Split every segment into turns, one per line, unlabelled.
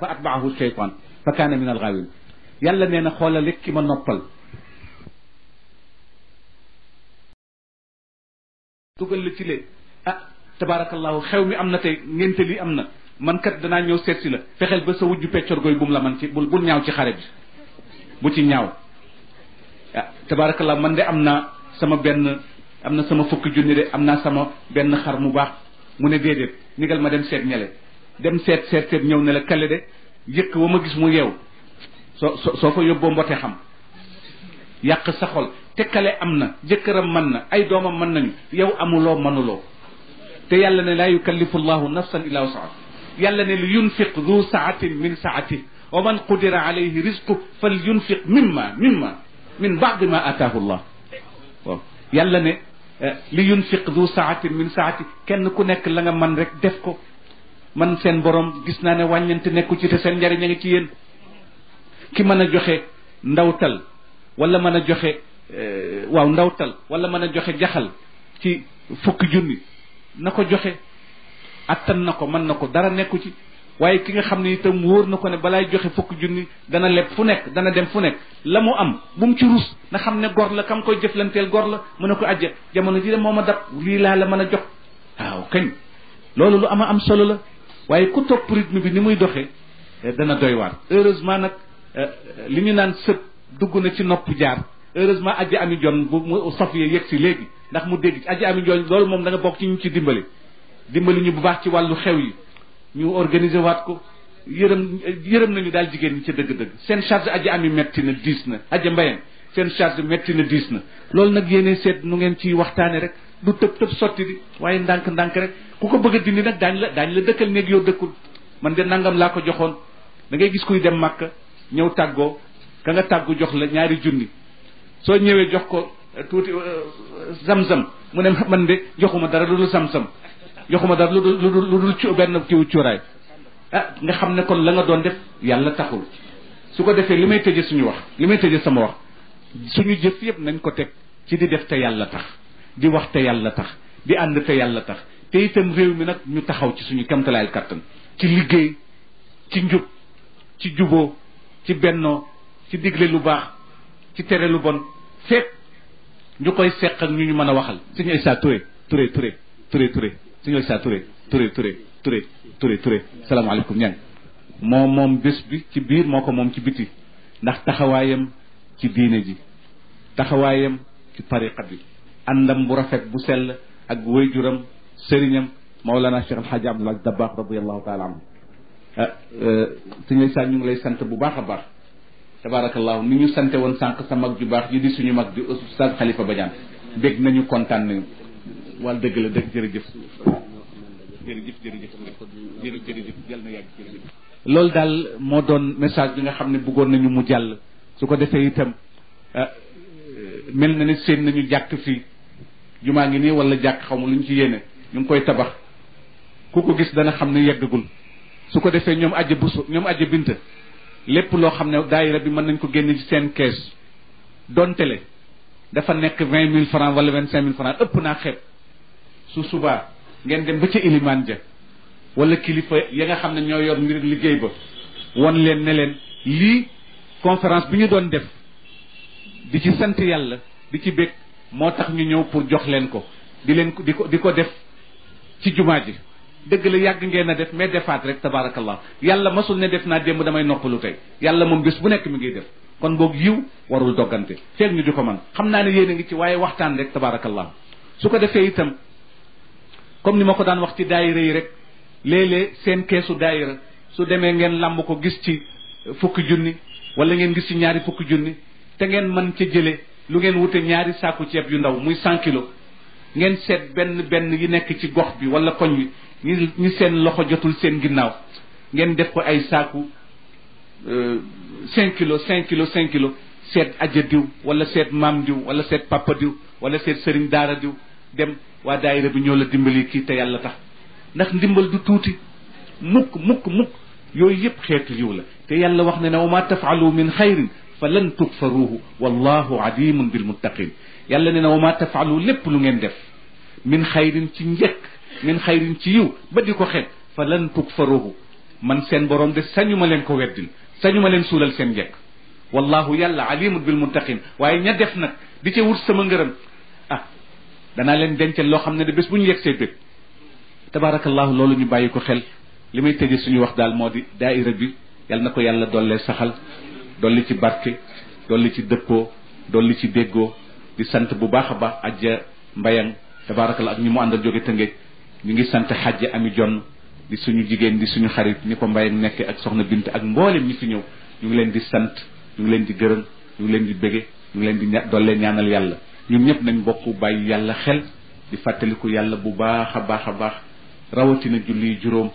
fa atbaahu sheytaan fa kaana min algaawin yàlla nee na xoolal rek ki ma noppal dugal la ci lee ah tabaarakallaahu xew mi am na tey ngénte li am na mankat danaa ñëw seet si la fexeel ba sa wujju peccor gooy bum la man ci bul bul ñaaw ci xare bi bu ci ñaaw ah tabaarakallaahu man de am naa sama benn am na sama fukki junni de am naa sama benn xar mu baax mu ne déedéet nigal ma dem seet ñale dem set set set ñëw ne la kale de yëkk wama gis mu yew so so ko yobbo mbote xam yàq sa xol te kale amna jëkëram man na ay doomam man nañu yow amuloo manuloo te yàlla ne la yukallifu llahu nafsan illa wus'aha yàlla ne li yunfiq du saatin min saati wa man qudira alayhi risqu fal yunfiq mimma mimma min baadi ma ataahu llah waaw yàlla ne li yunfiq du saatin min saati kenn ku nekk la nga man rek def ko man seen borom gis naa ne wàññante nekku ci te seen njariñ a ngi ci yéen ki mën a joxe ndawtal wala mën a joxe eh, waaw ndawtal wala mën a joxe jaxal ci fukki junni na ko joxe attan na ko mën na ko dara nekku ci waaye ki nga xam ne itam wóor na ko ne balaay joxe fukki junni dana leb fu nekk dana dem fu nekk la mu am bu mu ci ruus na xam ne gor la kam koy jëflanteel gor la mu ne ko ajja jamono ji de moo ma dab lii laa la mën a jox waaw kañ loolu lu ama am solo la waaye ku topp rythme bi ni muy doxee eh, dana doy waar heureusement nag eh, eh, li ñu naan sëb dugg na ci nopp jaar heureusement aji ami jon bu mu safiye yëg si léegi ndax mu dégg ci aji ami jon loolu moom da bokk ci ñu ci dimbali dimbali ñu bu baax ci wàllu xew yi ñu organiser waat ko yërëm yërëm nañu daal jigéen ñi ca dëgg-dëgg seen charge aji ami metti na diis na aja mbayeen seen charge metti na diis na loolu nag yéene seet nu ngeen ci waxtaane rek du tëb tëb sotti di waaye ndànk ndànk rek ku ko bëgg a dindi nag daañ la daañu la dëkkal néeg yoo dëkkul man de nangam laa ko joxoon da ngay gis kuy dem màkk ñëw tàggoo ka nga tàggu jox la ñaari junni soo ñëwee jox ko euh, tuuti euh, euh, zam-zam mu ne man de joxuma dara lu dul zam-zam joxuma dara lu dul lu dul lu dul benn kiwu cuuraay ah nga xam ne kon la nga doon def yàlla taxul su ko defee li may tëje suñu wax li may tëje sama wax suñu jëf yëpp nañ ko teg ci di def te yàlla tax di wax te yàlla tax di ànd te yàlla tax te itam réew mi nag ñu taxaw ci suñu kemtalaayal kàttan ci liggéey ci njub ci juboo ci bennoo ci digle lu baax ci tere lu bon fekk ñu koy seq ak ñu ñu mën a waxal suñu Issa Touré Touré Touré Touré Touré suñu Issa Touré Touré Touré Touré Touré Touré moo moom bés bi ci biir moo ko moom ci biti ndax taxawaayam ci diine ji taxawaayam ci tariqa bi àndam bu rafet bu sell ak wayjuram sëriñam Maolana Cheikh El Hadj Abdoul Aziz Dabakh radiyallahu taala anhu ah, euh, lay sant bu baax a baax tabaarakallahu ni ñu sante woon sànq sa mag ju baax ji di suñu mag di Oustaz Khalifa Badiane dégg nañu kontaan nañu wala dëgg la dëgg jërëjëf jërëjëf jërëjëf jërëjëf jërëjëf na yàgg jërëjëf loolu daal moo doon message bi nga xam ne bëggoon nañu mu jàll su ko defee itam ah, euh, mel na ne seen nañu jàkk fii jumaa ngi nii wala jàkk xaw ma lu ñu ci yéene ñu ngi koy tabax ku ko gis dana xam ne yeggagul su ko defee ñoom ajja busu ñoom ajja binta lépp loo xam ne daayira bi mën nañ ko génne ci seen kees donte le dafa nekk vingt mille francs wala vingt cinq mille francs ëpp naa xeeb su subaa ngeen dem ba ca ilimaan ja wala kilifa ya nga xam ne ñoo yor mbir liggéey ba won leen ne leen lii conférence bi ñu doon def di ci sant yàlla di ci bég moo tax ñu ñëw pour jox leen ko di leen ko di ko di ko def ci jumaa ji dëgg la yàgg ngeen a def mais defaat rek tabaarakallah yàlla masul ne def naa démb damay noppalu tey yàlla moom gis bu nekk mi ngi def kon boog yiw warul doggante feeg ñu di ko man xam naa ne yéen a ngi ci waaye waxtaan rek tabaarakallah su ko defee itam comme ni ma ko daan wax ci daayira yi rek léeg-léeg seen keesu daayira su demee ngeen làmb ko gis ci fukki junni wala ngeen gis ci ñaari fukki junni te ngeen mën ca jëlee lu ngeen wute ñaari saaku ceeb yu ndaw muy cent kilos ngeen seet benn benn yi nekk ci gox bi wala koñ bi ñi ñi seen loxo jotul seen ginnaaw ngeen def ko ay saaku euh, cinq kilos cinq kilos cinq kilos seet aja diw wala seet maam diw wala seet papa diw wala seet sëriñ daara diw dem waa daayira bi ñoo la dimbali kii te yàlla tax ndax ndimbal du tuuti mukk mukk mukk yooyu yëpp xeetu yiw la te yàlla wax ne ne wa ma tafalu min xayrin فلن تكفروه والله عديم بالمتقين يلا نينا وما تفعلوا لب لنين دف من خير تنجك من خير تيو بدي كو خير فلن تكفروه من سين بروم دي سانيو مالين كو ويدين سانيو مالين سولال سين جك والله يلا عليم بالمتقين واي ني ديف نك دي تي ورسما غيرم اه دا نا لين دنت لو خامني دي بس بو نيك سي بيب تبارك الله لولو ني بايكو خيل لي مي تيجي سوني واخ دال مودي دائره بي يال يالا دولي ساخال dolli ci barke dolli ci dëppoo dolli ci déggoo di sant bu baax a baax ajja mbayang la ak ñi mu àndal jóge tëngéej ñu ngi sant xajja ami jonn di suñu jigéen di suñu xarit ni ko mbayang nekk ak soxna bint ak mboolem ñi fi ñëw ñu ngi leen di sant ñu ngi leen di gërëm ñu ngi leen di bége ñu ngi leen di ña dolle ñaanal yàlla ñun ñëpp nañ bokk bàyyi yàlla xel di fàttaliku yàlla bu baax a baax a baax rawatina julli juróom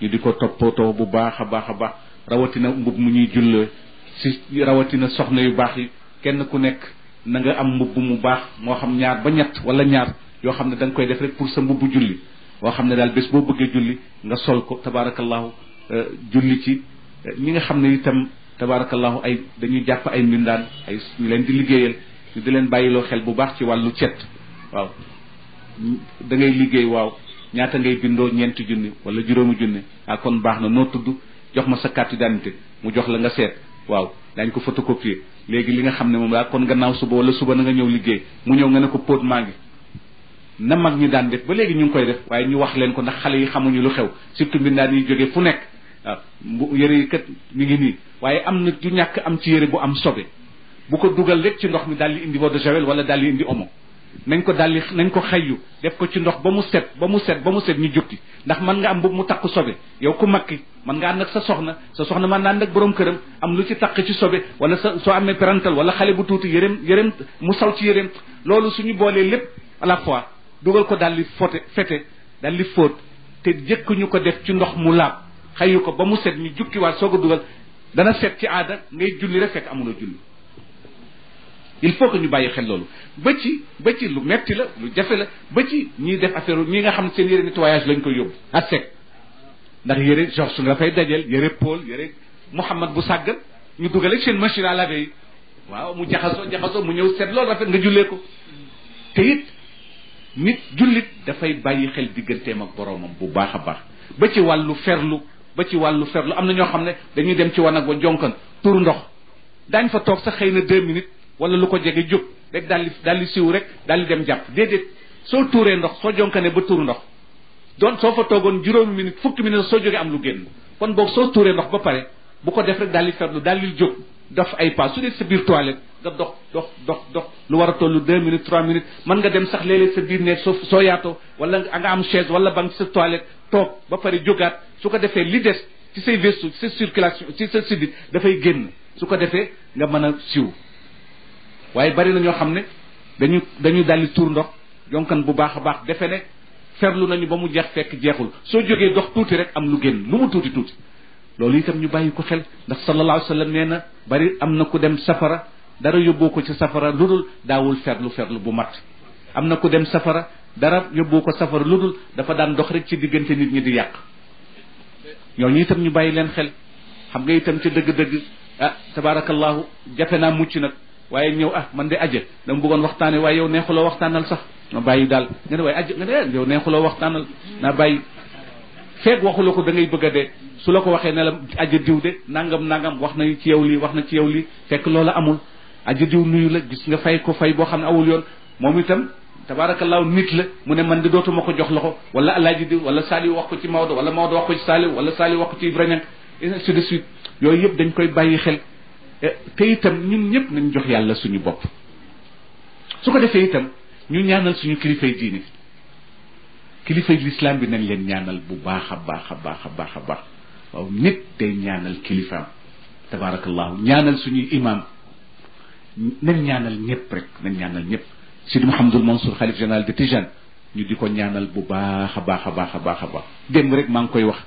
ñu di ko toppatoo bu baax a baax a baax rawatina mbub mu ñuy jullee si rawatina soxna yu baax yi kenn ku nekk na nga am mbubb mu baax moo xam ñaar ba ñett wala ñaar yoo xam ne da koy def rek pour sa mbubbu julli boo xam ne daal bés boo bëggee julli nga sol ko tabaarakallahu euh, julli ci euh, ñi nga xam ne itam tabaarakallahu ay dañuy jàpp ay mbindaan ay ñu leen di liggéeyal ñu di leen bàyyiloo xel bu baax ci wàllu cet waaw da liggéey waaw ñaata ngay bindoo ñeenti junni wala juróomi junni ah kon baax na noo tudd jox ma sa carte mu jox la nga waaw dañ ko photocopier léegi li nga xam ne moom laa kon gannaaw suba wala suba na nga ñëw liggéey mu ñëw nga ne ko póot maa ngi na mag ñi daan def ba léegi ñu ngi koy def waaye ñu wax leen ko ndax xale yi xamuñu lu xew surtout mbindaan yi jógee fu nekk waaw yëre yi kat mi ngi nii waaye am na du ñàkk am ci yëre bu am sobe bu ko dugal rek ci ndox mi daal di indi eau de javel wala daal di indi omo nañ ko dalli nañ ko xayyu def ko ci ndox ba mu set ba mu set ba mu set ñu jukki ndax mën nga am mbubb mu takk sobe yow ku mag ki mën nga ànd ak sa soxna sa soxna mën na ànd ak borom këram am lu ci takk ci sobe wala sa soo amee parental wala xale bu tuuti yëreem yëreem mu saw ci yëreem loolu su ñu boolee lépp à la fois dugal ko dalli fote fete li fóot te jëkk ñu ko def ci ndox mu laab xayyu ko ba mu set ñu jukkiwaat soog a dugal dana set ci aada ngay julli rek fekk amuloo julli il faut que ñu bàyyi xel loolu ba ci ba ci lu metti la lu jafe la ba ci ñiy def affaire ñi nga xam seen yére nettoyage lañ koy yóbbu ak sec ndax yére georges nga fay dajel yére paul yére mouhamad bu sàggal ñu dugal ak seen machine à laver yi waaw mu jaxasoo jaxasoo mu ñëw set loolu rafet nga jullee ko te it nit jullit dafay bàyyi xel digganteem ak boromam bu baax a baax ba ci wàllu ferlu ba ci wàllu ferlu am na ñoo xam ne dañuy dem ci wan ak wa jonkan turu ndox daañ fa toog sax xëy na deux minutes wala lu ko jege jóg rek daal di di siw rek daal di dem jàpp déedéet soo tuuree ndox soo jonkane ba tuur ndox doon soo fa toogoon juróomi minute fukki minute soo jógee am lu génn kon boog soo tuuree ndox ba pare bu ko def rek daal di ferlu daal di jóg daf ay pas su dee sa biir toilette nga dox dox dox dox lu war a tollu deux minutes trois minutes mën nga dem sax léeg-léeg sa biir nekk soo soo yaatoo wala nga am chaise wala banque sa toilette toog ba pare jógaat su ko defee li des ci say vessu ci sa sa sidit dafay génn su ko defee nga mën a siw waaye bari na ñoo xam ne dañu dañu daldi tuur ndox jonkan bu baax a baax defe ne ferlu nañu ba mu jeex fekk jeexul soo jógee dox tuuti rek am lu génn lu mu tuuti tuuti loolu itam ñu bàyyi ko xel ndax sallallahu alayhi wa nee na bari am na ku dem safara dara yóbboo ko ci safara lu daawul ferlu ferlu bu mat am na ku dem safara dara yóbboo ko safara lu dul dafa daan dox rek ci diggante nit ñi di yàq ñooñu itam ñu bàyyi leen xel xam nga itam ci dëgg-dëgg ah tabaarakallahu jafe naa mucc nag waaye ñëw ah man de aja dama bëggoon waxtaane waaye yow neexuloo waxtaanal sax ma bàyyi daal nga ne waaye aja nga ne ah, yow neexuloo waxtaanal naa bàyyi feeg waxuloo ko da ngay bëgg a dee su la ko waxee ne la aja diw de nangam nangam wax nañu ci yow lii wax na ci yow lii fekk loolu amul aja diw nuyu la gis nga fay ko fay boo xam ne awul yoon moom itam tabaarakallaahu nit la mu ne man de dootuma ko jox loxo wala alaaji diw wala Saliou wax ko ci Maodo wala Maodo wax ko ci wala Saliou wax ko ci Ibrahima ainsi de suite yooyu yëpp dañ koy bàyyi xel Eh, te itam ñun ñëpp nañu jox yàlla suñu bopp su ko defee itam ñu ñaanal suñu kilifay diine kilifay lislaam bi nañ leen ñaanal bu baax a baax a baax a baax a baax waaw nit day ñaanal kilifaam tabarakallahu ñaanal suñuy imaam nañ ñaanal ñëpp rek nañ ñaanal ñëpp Sidi Mouhamadul Mansour xalif général de Tijane ñu di ko ñaanal bu baax a baax a baax a baax a baax démb rek maa ngi koy wax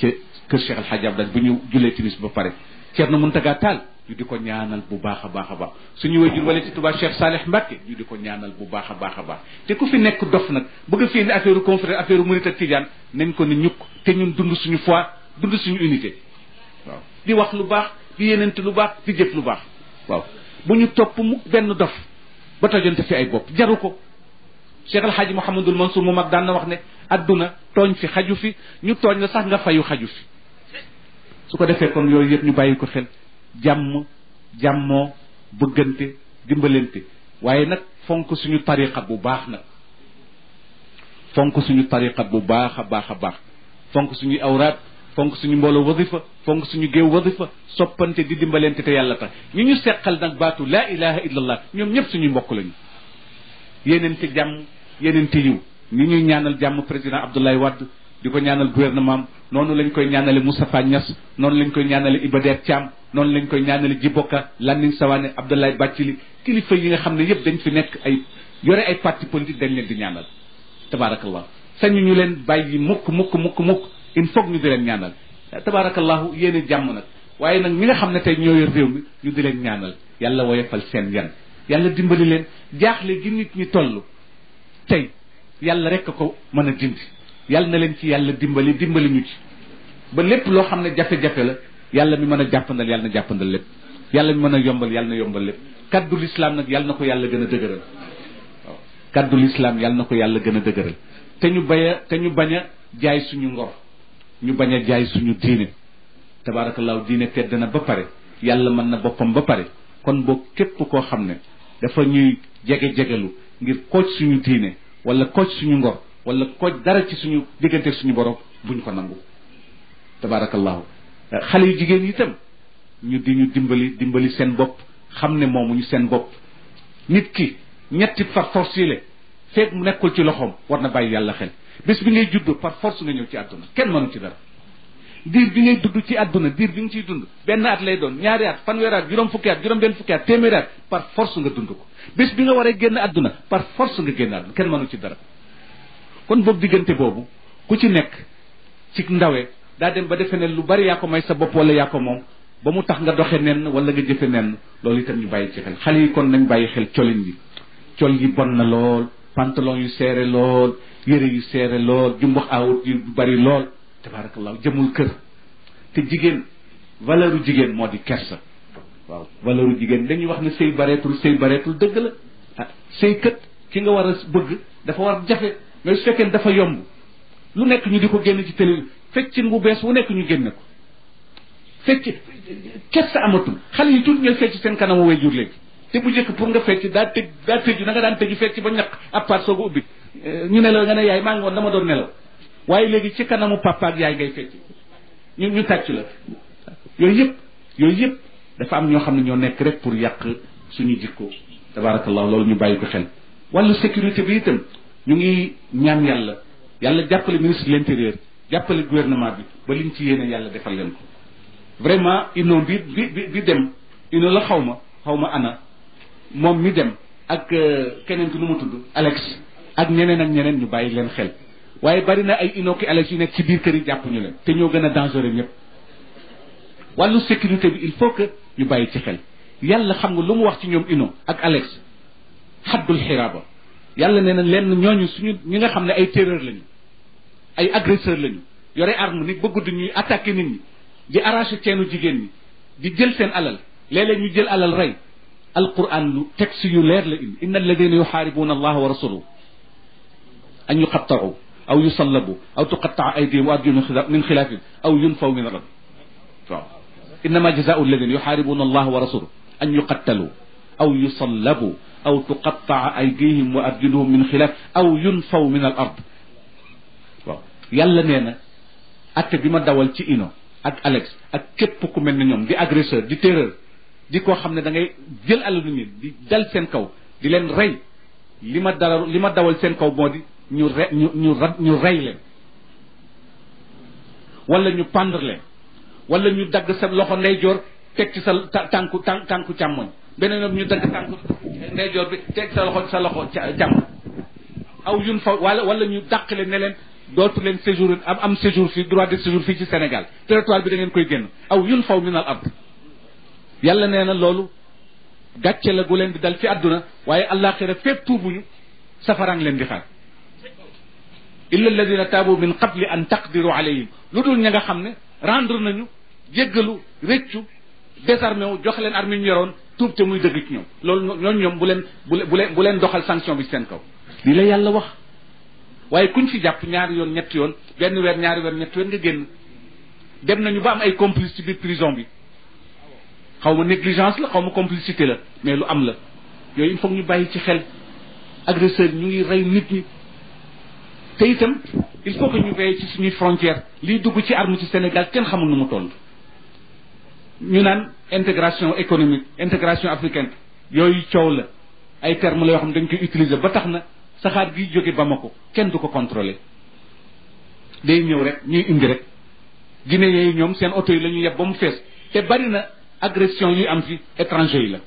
ca kër Cheikh Al Hadj Abdal bu ñu jullee timis ba pare Thierno Mountaga Tall ñu di ko ñaanal bu baax a baax a baax suñu wajur wala ci Touba Cheikh Salih Mbacke ñu di ko ñaanal bu baax a baax a baax te ku fi nekk dof nag bëgg fii indi affaire confrère affaire murit ak tijaan nañ ko ni ñukk te ñun dund suñu foi dund suñu unité waaw di wax lu baax di yéenante lu baax di jëf lu baax waaw bu ñu topp mu benn dof ba tojante fi ay bopp jaru ko Cheikh El Hadji Mouhamadul Mansour mu mag daan na wax ne àdduna tooñ fi xaju fi ñu tooñ la sax nga fayu xaju fi su ko defee kon yooyu yëpp ñu bàyyi ko xel jàmm jàmmoo bëggante dimbalante waaye nag fonk suñu tariqa bu baax nag fonk suñu tariqa bu baax a baax a baax fonk suñu awraat fonk suñu mbooloo wasifa fonk suñu géew wasifa soppante di dimbalante te yàlla tax ñu ñu seqal nag baatu laa ilaha illallah ñoom ñëpp suñuy mbokk lañu yéeneente jàmm yéeneente yiw ni ñuy ñaanal jàmm président Abdoulaye Wade di ko ñaanal gouvernement am noonu lañ koy ñaanale Moustapha Niass noonu lañ koy ñaanale Iba Der noonu lañ koy ñaanale Djiboka Landing Savané Abdoulaye li kilifa yi nga xam ne yëpp dañ fi nekk ay yore ay parti politique dañ leen di ñaanal tabaarakallah sañu ñu leen bàyyi mukk mukk mukk mukk il faut ñu di leen ñaanal tabaarakallahu yéen i jàmm nag waaye nag ñi nga xam ne tey ñoo yor réew mi ñu di leen ñaanal yàlla woyofal seen yan yàlla dimbali leen jaaxle gi nit ñi toll tey yàlla rek ko mën a dindi yàlla na leen ci yàlla dimbali dimbali ñu ci ba lépp loo xam ne jafe-jafe la yàlla mi mën a jàppandal yàlla na jàppandal lépp yàlla mi mën a yombal yàlla na yombal lépp kaddu lislaam nag yàlla ko yàlla gën a dëgëral waaw kaddu lislaam yàlla na ko yàlla gën a dëgëral te ñu bay te ñu bañ a jaay suñu ngor ñu bañ a jaay suñu diine tabaarakallaahu diine tedd na ba pare yàlla mën na boppam ba pare kon boo képp koo xam ne dafa ñuy jege-jegelu ngir kooj suñu diine wala kooj suñu ngor walla kooj dara ci suñu diggante suñu borom buñ ko nangu tabaarakallaahu xale yu jigéen itam ñu di ñu dimbali dimbali seen bopp xam ne moomuñu seen bopp nit ki ñetti par force yi le feeg mu nekkul ci loxoom war na bàyyi yàlla xel bés bi ngay judd par force nga ñëw ci àdduna kenn mënu ci dara diir bi ngay dudd ci àdduna diir bi nga ciy dund benn at lay doon ñaari at fanweeri at juróom fukki at juróom benn fukki at téeméeri par force nga dund ko bés bi nga waree génn àdduna par force nga génn àdduna kenn mënu ci dara kon boobu diggante boobu ku ci nekk ci ndawe daa dem ba defe ne lu bari yaa ko may sa bopp wala yaa ko moom ba mu tax nga doxe nenn wala nga jëfe nenn loolu itam ñu bàyyi ci xel xale yi kon nañ bàyyi xel colin yi col yi bon na lool pantalon yu seere lool yëre yu seere lool jumbax awut yu bari lool tabaarakallah jëmul kër te jigéen valeuru jigéen moo di kersa waaw valeuru jigéen dañuy wax ne sëy bareetul sëy bareetul dëgg la ah sëy kët ki nga war a bëgg dafa war jafe mais su fekkee dafa yomb nekk ñu di ko feccin bu bees wu nekk ñu génne ko fecc kes sa amatul xale yi tuut ñooy fecc seen kanamu way jur léegi te bu njëkk pour nga fecc daa tëj daa tëju na nga daan tëju fecc ba ñaq ab paat sooga ubbi euh, ñu nelaw ne yaay maa ngi woon dama doon nelaw waaye léegi ci kanamu papa yaay ngay fecc ñu ñu tàcc la yooyu yëpp yooyu yëpp dafa am ñoo xam ne ñoo nekk rek pour yàq suñu jikko tabarakallah loolu ñu bàyyi ko xel wàllu sécurité bi itam ñu ngi ñaan yàlla yàlla jàppale ministre de l'intérieur jàppale gouvernement bi ba liñ ci yéene yàlla defal leen ko vraiment ino bi bi bi dem ino la xaw ma xaw ma ana moom mi dem ak euh, keneen bi nu mu tudd Alex ak ñeneen ak ñeneen ñu bàyyi leen xel waaye bari na ay ino ki Alex yu nekk ci biir kër yi jàpp ñu leen te ñoo gën a dangereux ñëpp wàllu sécurité bi il faut que ñu bàyyi ci xel yàlla xam nga lu mu wax ci ñoom ino ak Alex xaddul xiraaba yàlla nee na lenn ñooñu suñu ñi nga xam ne ay terreur lañu ay agresseur lañu yore arme ni bëggu gudd ñuy attaquer nit ñi di arracher ceenu jigéen ñi di jël seen alal léeg-léeg ñu jël alal rey alquran lu texte yu leer la indi inna alladina yuharibuna allaha wa rasuluhu an yuqatta'u aw yusallabu aw tuqattaa aydihim wa arjuluhum min khilafin aw yunfaw min rabb waaw innama jazaau alladina yuxaaribuna allaha wa rasulahu an yuqattalu aw yusallabu aw tuqattaa aydihim wa arjuluhum min xilaaf aw yunfaw min al ard yàlla nee na atte bi ma dawal ci ino ak alex ak képp ku mel ne ñoom di agresseur di terreur di koo xam ne dangay ngay jël alalu nit di dal seen kaw di leen rey li ma dara li ma dawal seen kaw moo di ñu re ñu ñu ñu rey leen wala ñu pendre leen wala ñu dagg sa loxo ndeyjoor teg ci sa tànku tànku càmmoñ beneen yoon ñu dagg tànku ndeyjoor bi teg sa loxo sa loxo càmmoñ aw yun fa wala wala ñu dàqale ne leen dootu leen séjour am am séjour fii droit de séjour fii ci Sénégal territoire bi da ngeen koy génn aw yun faw min al ard yàlla nee na loolu gàcce la gu leen di dal fi àdduna waaye àllaaxira fépp tuubuñu safaraan leen di xaar illa alladina taabu min qabli an taqdiru alayhim lu dul ña nga xam ne rendre nañu jéggalu réccu désarmé wu jox leen armi ñu yoroon tuub te muy dëgg ci ñoom loolu ñoo ñoom bu leen bu leen bu leen doxal sanction bi seen kaw lii la yàlla wax waaye kuñ fi jàpp ñaari yoon ñetti yoon benn weer ñaari weer ñetti yoon nga génn dem nañu ba am ay complice ci biir prison bi xaw ma négligence la xaw ma complicité la mais lu am la yooyu il faut ñu bàyyi ci xel agresseur ñu ngi rey nit ñi te itam il faut que ñu veille ci suñuy frontière liy dugg ci arme ci Sénégal kenn xamul nu mu toll ñu naan intégration économique intégration africaine yooyu coow la ay termes la yoo xam dañ koy utiliser ba tax na saxaar gi jóge Bamako kenn du ko contrôler day ñëw rek ñuy indi rek Guinée yi ñoom seen oto yi la ñu yeb ba mu fees te bari na agression yi am fi étranger yi la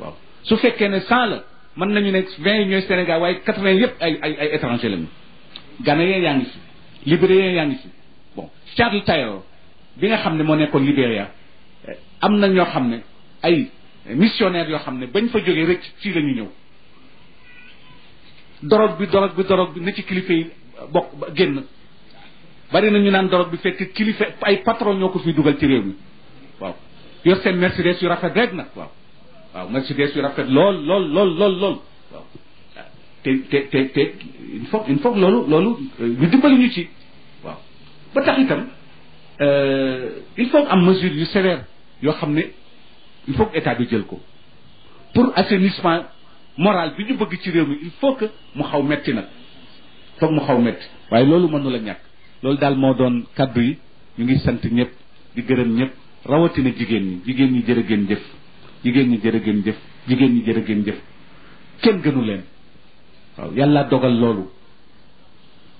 waaw su fekkee ne cent la mën nañu ne vingt yi ñooy Sénégal waaye quatre vingt yëpp ay ay ay étranger lañu Ghanéen yaa ngi fi Libérien yaa ngi fi bon Charles Taylor bi nga xam ne moo nekkoon Libéria eh, am na ñoo xam ne ay missionnaires yoo xam ne bañ fa jógee rek fii la ñu ñëw dorog bi dorog bi dorog bi na ci kilifa yi bokk génn bari na ñu naan dorog bi fekk kilifa ay patron ñoo ko fi dugal ci réew mi waaw yor seen Mercedes yu rafet rek nag waaw waaw Mercedes yu rafet lool lool lool lool lool waaw te te te te il faut il faut loolu loolu ñu dimbali ñu ci waaw ba tax itam euh, il faut am mesure yu sévère yoo xam ne il faut état bi jël ko pour assainissement moral bi ñu bëgg ci réew mi il faut que mu xaw metti nag foog mu xaw metti waaye loolu mënu la ñàkk loolu daal moo doon kàddu yi ñu ngi sant ñëpp di gërëm ñëpp rawatina jigéen ñi jigéen ñi jër a ngeen jëf jigéen ñi jërë ngeen jëf jigéen ñi jër a ngeen jëf kenn gënu leen waaw yàlla dogal loolu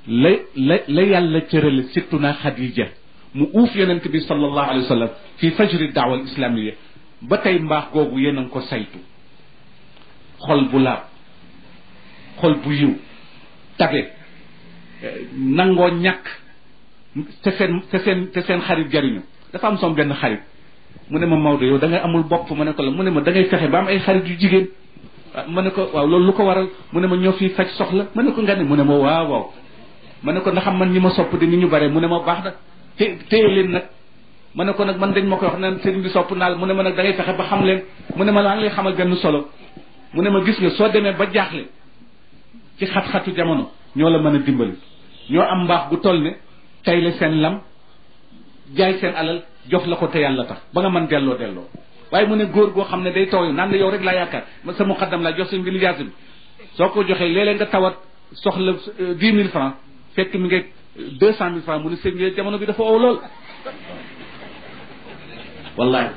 la la la yàlla cërale surtout na Xadija mu uuf yonent bi sallallahu alayhi wa sallam fi fajri daawa al islamiyya ba tey mbaax googu yéen a ngi ko saytu xol bu laab xol bu yiw tabe nangoo ñàkk te seen te seen te seen xarit jariñu dafa am som benn xarit mu ne ma Maodo yow da amul bopp ma ne ko la mu ne ma da ngay fexe ay xarit yu jigéen ah, ma ne ko waaw loolu lu ko waral mu ne ma ñoo fii faj soxla ma ne ko nga mu ne ma waaw waaw ma ne ko ndax man ñi ma sopp di ni ñu bare mu ne ma baax na té leen nag ma ne nag man dañ ma koy wax naan sëriñ bi sopp mu ne ma nag da ngay fexe ba xam leen mu ne ma laa ngi lay xamal benn solo mu ne ma gis nga soo demee ba jaaxle ci xat-xatu jamono ñoo la mën a dimbali ñoo am mbaax bu toll ne tay la seen lam jaay seen alal jox la ko te yàlla tax ba nga man delloo delloo waaye mu ne góor goo xam ne day tooyu naan la yow rek laa yaakaar ma sa muqaddam laa jox sa ngir lijaasa bi soo ko joxee léeg-léeg nga tawat soxla euh, dix mille francs fekk mi ngi deux cent mille francs mu ne sëñ jamono bi dafa ow lool
wallahi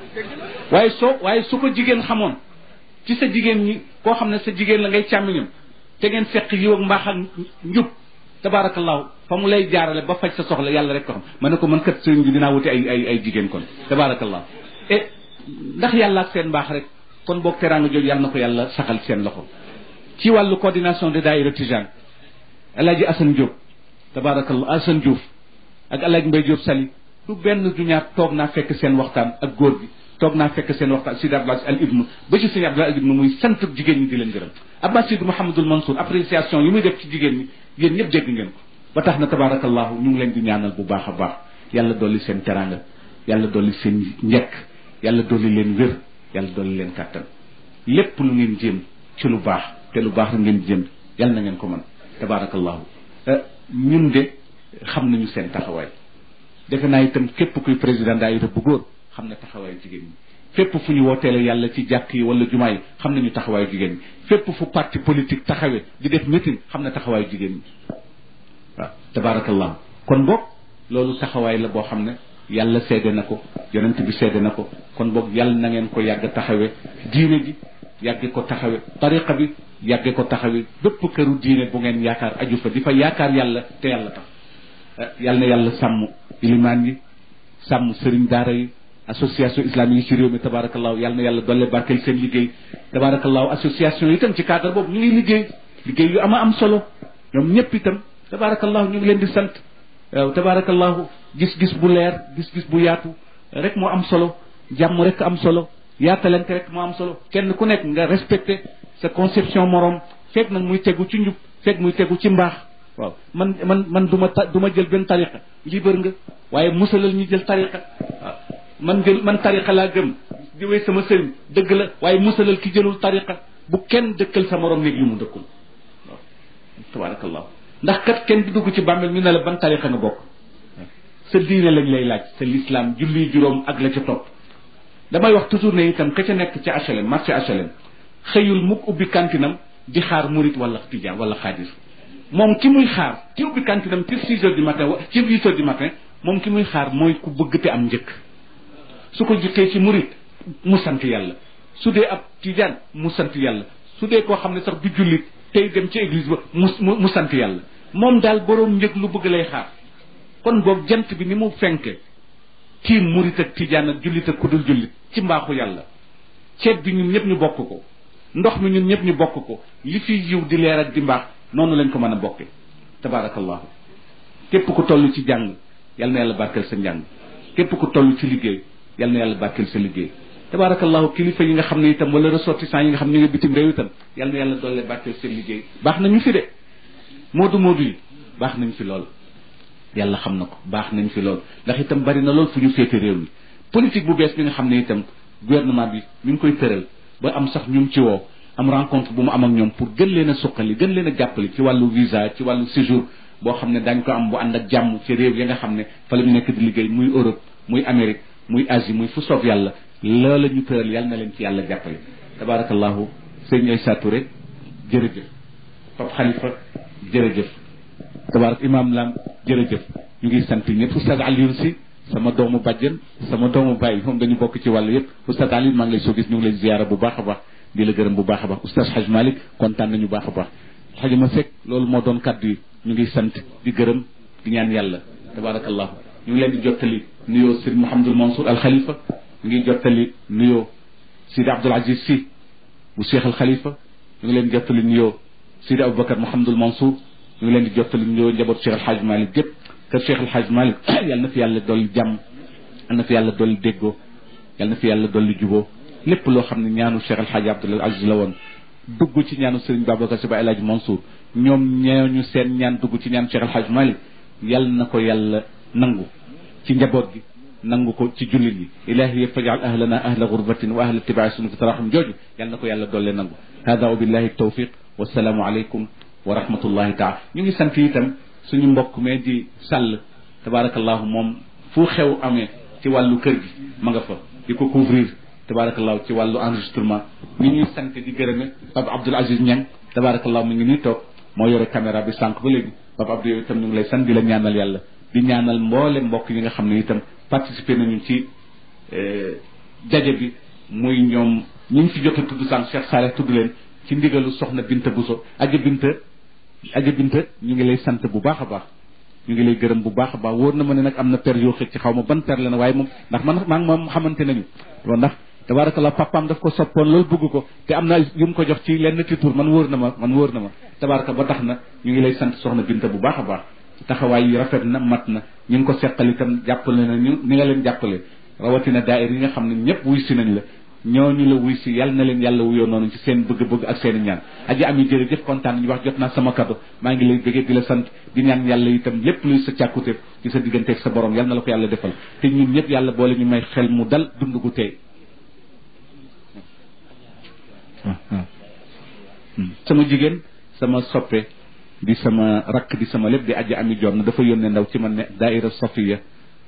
waaye
soo waaye su ko jigéen xamoon ci sa jigéen ñi koo xam ne sa jigéen la ngay càmmiñam te ngeen seq yiw ak mbaax ak njub tabaarakallaahu fa mu lay jaarale ba faj sa soxla yàlla rek ko xam ma ne ko man kat sëriñ bi dinaa wuti ay ay ay jigéen kon tabaarakallaahu e ndax yàlla ak seen mbaax rek kon boog teraanga jooju yàlla na ko yàlla saxal seen loxo ci wàllu coordination de daayira tijaan alaaji Assane Diop tabaarakallaahu Assane Diouf ak alaaji Mbay Diop Sali du benn du ñaar toog naa fekk seen waxtaan ak góor gi toog naa fekk seen waxtaan Sidi Abdoulaye al ibnu ba ci Sidi Abdoulaye al ibnu muy sant jigéen ñi di leen gërëm Abbas Sidi Mouhamadul Mansour appréciation yi muy def ci jigéen ñi yéen ñëpp dégg ngeen ko ba tax na tabarakallahu ñu leen di ñaanal bu baax a baax yàlla dolli seen teranga yàlla dolli seen njekk yàlla dolli leen wér yàlla dolli leen kàttan lépp lu ngeen jéem ci lu baax te lu baax la ngeen jéem yàlla na ngeen ko mën tabarakallahu euh, ñun de xam nañu seen taxawaay defe naa képp kuy président daayira bu góor xam na taxawaayu jigéen ñi fépp fu ñu teele yàlla ci jàkk yi wala jumaa yi xam nañu taxawaayu jigéen ñi fépp fu parti politique taxawee di def meeting xam na taxawaayu jigéen ñi waaw kon boog loolu taxawaay la boo xam ne yàlla seede na ko yonent bi seede na ko kon boog yàlla na ngeen ko yàgg taxawee diine ji yàgge ko taxawe tariqa bi yàgge ko taxawe bépp këru diine bu ngeen yaakaar aju fa di fa yaakaar yàlla te yàlla tax eh, yàlla na yàlla association islamique yi ci réew mi tabaarakallaahu yàlla na yàlla doole barkeel seen liggéey tabaarakallaahu association yi itam ci cadre boobu ñu ngi liggéey liggéey yu ama am solo ñoom ñëpp itam tabaarakallaahu ñu ngi leen di sant waaw tabaarakallaahu gis-gis bu leer gis-gis bu yaatu rek moo am solo jàmm rek am solo yaatalante rek moo am solo kenn ku nekk nga respecté sa conception morom fekk nag muy tegu ci njub fekk muy tegu ci mbaax waaw man man man ta du ma jël benn tariqa libre nga waaye musalal ñu jël tariqa man gën man tariqa laa gëm di wéy sama sëriñ dëgg la waaye musalal ki jëlul tariqa bu kenn dëkkal sa morom néeg yu mu dëkkul waaw tabarakallah ndax kat kenn du dugg ci bàmmeel ñu ne la ban tariqa nga bokk sa diine lañ lay laaj sa lislaam julli juróom ak la ca topp damay wax toujours ne itam ka ca nekk ca HLM marché HLM xëyul mukk ubbi kantinam di xaar murit wala tijaan wala xaadir moom ki muy xaar ci ubbi kantinam ci six heures du matin ci huit moom ki muy xaar mooy ku bëgg su ko jiqee ci murit mu sant yàlla su dee ab tijaan mu sant yàlla su dee koo xam ne sax du jullit tey dem ci église ba mu mu sant yàlla moom daal boroom njëg lu bëgg lay xaar kon boog jant bi ni mu fenke tiim murit ak tijaan ak jullit ak kudul jullit ci mbaaxu yàlla ceeb bi ñun ñëpp ñu bokk ko ndox mi ñun ñëpp ñu bokk ko li fi yiw di leer ak di mbaax noonu lañ ko mën a bokke tabaarakallahu képp ku toll ci jàng yal na yàlla barkeel sa njàng képp ku toll ci liggéey yal na yàlla barkeel sa liggéey tabarakallahu kilifa yi nga xam ne itam wala ressortissant yi nga xam ne ñu ngi bitim réew itam yal na yàlla doole barkeel seen liggéey baax nañu fi de moodu moodu yi baax nañ fi lool yàlla xam na ko fi lool ndax itam bari na lool fu ñu féete mi politique bu bes bi nga xamne itam gouvernement bi mi ngi koy tëral ba am sax ñum ci wo am rencontre bu mu am ak ñom pour gën leena a gën leena jappali ci walu visa ci walu séjour bo xamne dañ ko am bu ànd ak jàmm ci réew yi nga xamne fa la nekk di liggéey muy Europe muy Amérique muy asi muy fu soob yàlla la ñu tëral yàlla na leen ci yàlla jàppale tabaarakallahu sëñ Aïssa Touré jërëjëf Pape Khalifa jërëjëf tabaarak imam lam jërëjëf ñu ngi sant ñëpp ustad Alioune si sama doomu bàjjen sama doomu bàyyi moom dañu bokk ci wàll yëpp ustad Alioune maa ngi lay soo gis ñu ngi lay ziyaara bu baax a baax di la gërëm bu baax a baax Oustaz Hadj Malick kontaan nañu baax a baax Hadj ma Seck loolu moo doon kàddu yi ñu ngi sant di gërëm di ñaan yàlla tabaarakallahu ñu ngi leen di jottali نيو سيد محمد المنصور الخليفة نجي جاتلي نيو سيد عبد العزيز سي وشيخ الخليفة نجي جاتلي نيو سيد أبو بكر محمد المنصور نجي جاتلي نيو جابر شيخ الحاج مالك جيب كشيخ الحاج مالك يالنا في يالنا دول جام يالنا في يالنا دول ديغو يالنا في يالنا دول جبو لب لو خمني نيانو شيخ الحاج عبد العزيز لون دوغو سي نيانو سيد أبو بكر سيبا إلاج منصور نيوم نيانو سين نيان دوغو سي نيان شيخ الحاج مالك يالنا كو يالنا نانغو ci njaboot gi nangu ko ci jullit yi ilahi yafajal ahlana ahla ghurbatin wa ahla tibai sunnati tarahum joju yàlla nako yàlla dolle nangu hada wa billahi tawfiq assalamu alaykum wa rahmatullahi taala ñu ngi sant itam suñu mbokk me di sàll tabarakallah mom fu xew amé ci walu kër gi ma nga fa di ko couvrir tabarakallah ci walu enregistrement ñu ngi sant di gërëme bab abdul aziz ñang tabarakallah mi ngi ni tok mo yore caméra bi sank ba légui bab abdul itam ñu ngi lay sant di la ñaanal yàlla di ñaanal mboole mbokk yi nga xam ne itam participer nañu ci euh, daje bi muy ñoom ngi fi jot a tudd sànq Cheikh tudd leen ci ndigalu soxna Binta Bousso aja Binta aja Binta ñu ngi lay sant bu baax a baax ñu ngi lay gërëm bu baax a baax wóor na ma ne nag am na per yoo xëcc xaw ma ban per la na waaye moom ndax man maa ngi moom xamante nañu bon ndax tabarakallah papaam daf ko soppoon loolu bëgg ko te am na yu mu ko jox ci lenn ci tur man wóor na ma man wóor na ma tabaraka tax na ñu ngi lay sant soxna Binta bu a baax taxawaay yi rafet na mat na ñu ngi ko seqal itam jàppale na ñu ni nga leen jàppale rawatina daayir yi nga xam ne ñëpp wuy si nañ la ñooñu la wuy si yàlla na leen yàlla wuyoo noonu ci seen bëgg-bëgg ak seen ñaan aji am yi jërëjëf kontaan nañu wax jot naa sama kàddu maa ngi lay bëggee di la sant di ñaan yàlla itam lépp luy sa càkkutéef ci sa digganteeg sa borom yàlla na la ko yàlla defal te ñun ñëpp yàlla boole ñu may xel mu dal dund gu tey hmm, hmm. Hmm. sama jigéen sama di sama rakk di sama lépp di aji ami joom na dafa yónnee ndaw ci man ne daaira safiya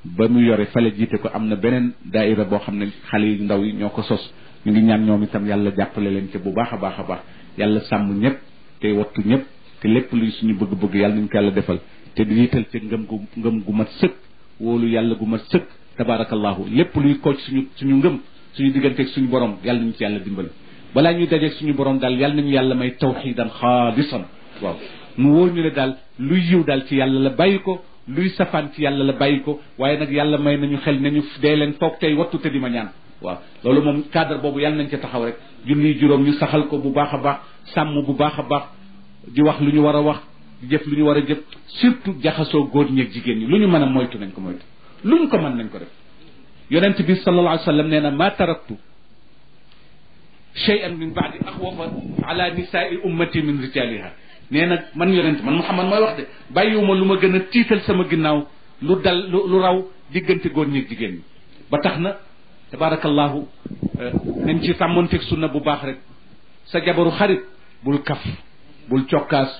ba mu yore fale jiite ko am na beneen daaira boo xam ne xale yi ndaw yi ñoo ko sos ñu ngi ñaan ñoom itam yàlla jàppale leen ci bu baax a baax a baax yàlla sàmm ñëpp te wattu ñëpp te lépp luy suñu bëgg-bëgg yàlla nañu ko yàlla defal te di yital ca ngëm gu ngëm gu mat sëkk woolu yàlla gu mat sëkk tabaarakallahu lépp luy kooc suñu suñu ngëm suñu digganteeg suñu borom yàlla nañu ci dimbal balaa ñuy dajeeg suñu borom daal yàlla nañu yàlla may tawxidan xaalisan waaw mu wóor ñu ne daal luy yiw daal ci yàlla la bàyyi ko luy safaan ci yàlla la bàyyi ko waaye nag yàlla may nañu xel ne ñu dee leen foog tey wattu te di ma ñaan waaw loolu moom cadre boobu yàlla nañ ca taxaw rek junniy juróom ñu saxal ko bu baax a baax sàmm bu baax a baax di wax lu ñu war a wax di jëf lu ñu war a jëf surtout jaxasoo góor ñeeg jigéen ñi lu ñu mën a moytu nañ ko moytu lu ñu ko mën nañ ko def yonent bi sallallahu alayhi wa sallam nee na ma taraktu shay'an min ba'di akhwafa ala nisa'i ummati min rijaliha nee nag man yonent man muhammad mooy wax de bàyyiwuma lu ma gën a tiital sama ginnaaw lu dal lu raw diggante góor ñeeg jigéen ñi ba tax na tabarakallahu nañ ci tàmmoon teg sunna bu baax rek sa jabaru xarit bul kaf bul cokkaas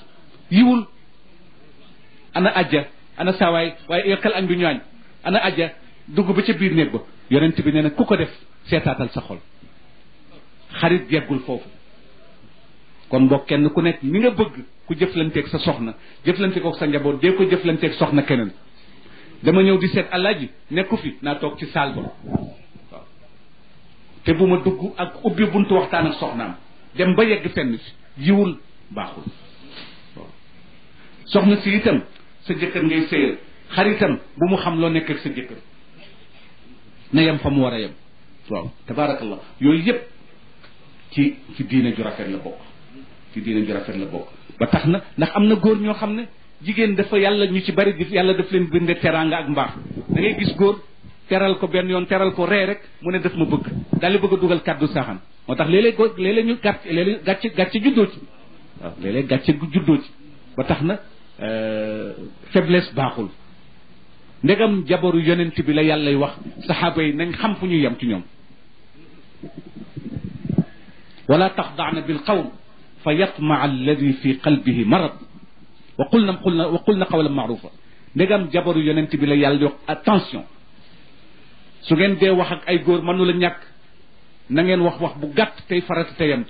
yiwul ana ajja ana saawaay waaye yokkal añ bu ñu añ ana ajja dugg ba ca biir néeg ba yonent bi nee na ku ko def seetaatal sa xol xarit yeggul foofu kon boog kenn ku nekk ni nga bëgg ku jëflante ak sa soxna jëflante koog sa njaboot dee ko jëflante ak soxna keneen dama ñëw di seet alaaji nekku fi naa toog ci salle ba te bu ma dugg ak ubbi buntu waxtaan ak soxnaam dem ba yegg fenn si yiwul baaxul soxna si itam sa jëkkër ngay séyal xaritam bu mu xam loo nekk ak sa jëkkër na yem fa mu war a yem waaw tabaarakallah yooyu yépp ci ci diine ju rafet la bokk ci diine ju rafet la bokk ba tax na ndax am na góor ñoo xam ne jigéen dafa yàlla ñu ci bari di yàlla def leen binde teraanga ak mbaar dangay gis góor teral ko benn yoon teral ko rey rek mu ne daf ma bëgg daal di bëgg a dugal kàddu saaxaan moo tax léeg-léeg góor léeg-léeg ñu gàcce léeg-léeg gàcce gàcce juddoo ci waaw léeg-léeg juddoo ci ba tax na euh, faiblesse baaxul ndegam jabaru yonent bi la yàllay wax saxaaba yi nañ xam fu ñu yem ci ñoom tax taxdaana bil qawm فيطمع الذي في قلبه مرض وقلنا قلنا وقلنا قولا معروفا نجم جبر يننت بلا يال دوك اتانسيون سو ген دي واخ اي غور منو لا نياك نا ген واخ واخ بو غات تاي فرات تاي يمت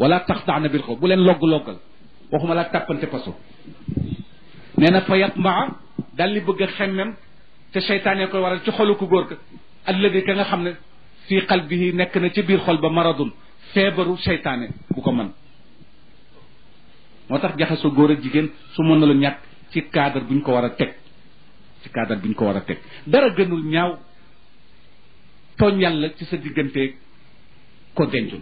ولا تخدعنا بالخوف بولين لوغ لوغال واخوما لا تابنت باسو نينا فيطمع دا دالي بوغ خمم تا شيطان يكو وارال تي خولو كو غور الذي كان خامني في قلبه نك نتي بير خول با مرضون feebaru seytaane bu ko man moo tax jaxasoo góor ak jigéen su mën na lu ñàkk ci cadre bu ñu ko war a teg ci cadre ko war a teg dara gënul ñaaw tooñ yàlla ci sa diggante ko dencul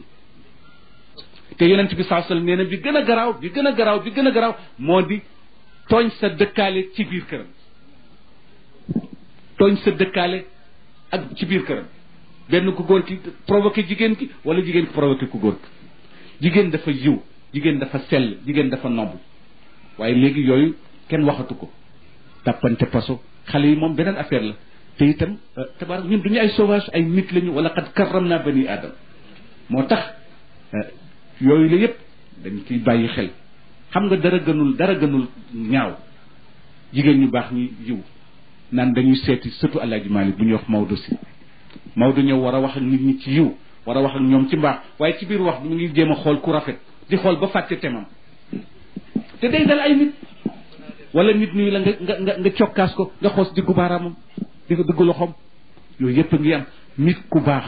te yonent bi saasal nee na bi gën a garaaw bi gën a garaaw bi gën a garaaw moo di tooñ sa dëkkaale ci biir këram tooñ sa dëkkaale ak ci biir këram benn ku góor ki provoqué jigéen ki wala jigéen ki provoqué ku góor ki jigéen dafa yiw jigéen dafa sell jigéen dafa noble waaye léegi yooyu kenn waxatu ko tàppante paso xale yi moom beneen affaire la te itam euh, tabaar ñun duñu ay sauvage ay nit lañu wala xat karram naa bani aadam moo tax euh, yooyu la yépp dañ ci bàyyi xel xam nga dara gënul dara gënul ñaaw jigéen ñu baax ñi yiw naan dañuy seeti sëtu alaaji Maalik bu ñuy wax Maodo si Maodo ñëw war a wax ak nit ñi ci yiw war a wax ak ñoom ci mbaax waaye ci biir wax bi mu ngi jéem a xool ku rafet di xool ba fàtte temam te day dal ay nit wala nit nii la nga nga nga cokkaas ko nga xoos diggu baaraamam di dugg loxoom yooyu yépp ngi am nit ku baax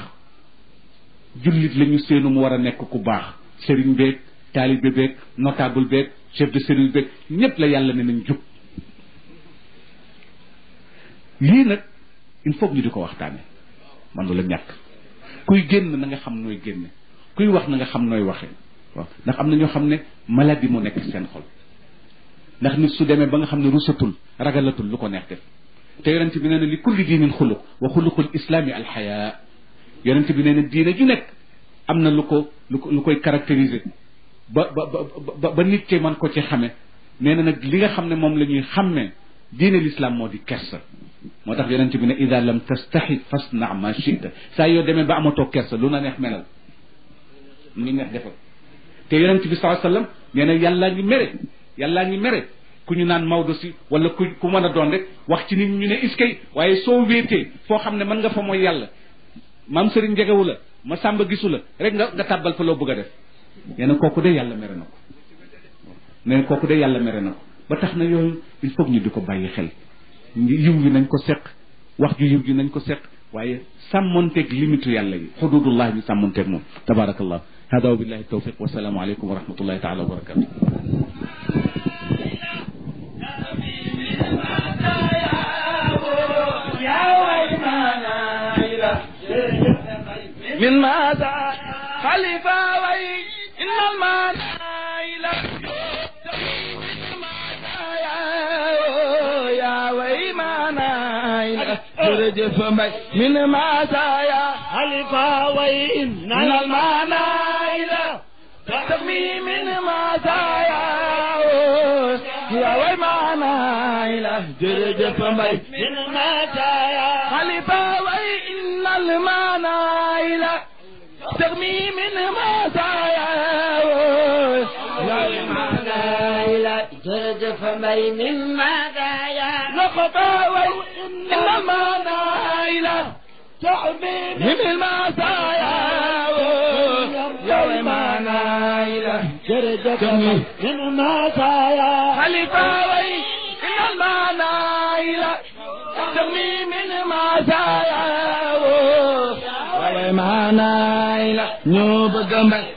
jullit lañu seenu mu war a nekk ku baax sëriñ beeg taalibe beeg notable beeg chef de service beeg ñépp la yàlla ne nañ jub lii nag il faut ñu di ko waxtaane man la ñàkk kuy génn na nga xam nooy génne kuy wax na nga xam nooy waxee waaw ndax am na ñoo xam ne maladie mu nekk seen xol ndax nit su demee ba nga xam ne rusatul ragalatul lu ko neex def te yonent bi nee na li kulli diinin xuluq wa xuluqul islaami alxayaa yonent bi nee na diine ju nekk am na lu ko lu ko lu koy caractériser ba ba ba ba nit ki man ko ci xame nee na nag li nga xam ne moom la ñuy xàmmee diine lislaam moo di kersa moo tax yonent bi ne ida lam tastaxi fasna ma chita saa yoo demee ba amatoo kersa lu na neex melal lu neex defal te yonent bi saa sallam nee na yàllaa ngi mere yàllaa ngi mere ku ñu naan Maodo si wala ku ku mën a doon rek wax ci nit ñu ne iskay waaye soo wéetee foo xam ne mën nga fa mooy yàlla maam sëriñ njegewu la ma sàmba gisu la rek nga nga tàbbal fa loo bëgg a def nee yàlla mere na nee na kooku de yàlla mere na ko ba tax na yooyu il faut ñu di ko bàyyi xel yiw yi nañ ko seq wax ju yiw yi nañ ko seq waaye sàmmonteeg limitu yàlla yi xududullah ñu sàmmonteeg moom tabarakallah hada wa billahi tawfiq wa salaamu alaykum wa rahmatullahi taala wa barakatu
من ماذا خليفة وي إن المال الفمي من مزايا الفاوين من المعنى إلى تحمي من مزايا يا ويمانا إلى جرج فمي من مزايا الفاوين المعنى إلى تحمي من مزايا جفمين ماذا يا نخطا وإنما نعم. نائلة تعمي نعم. من المسايا يوم نائلة جرجفمين من المسايا خليفة وإنما نائلة تعمي من المسايا وإنما نائلة نوب جمبل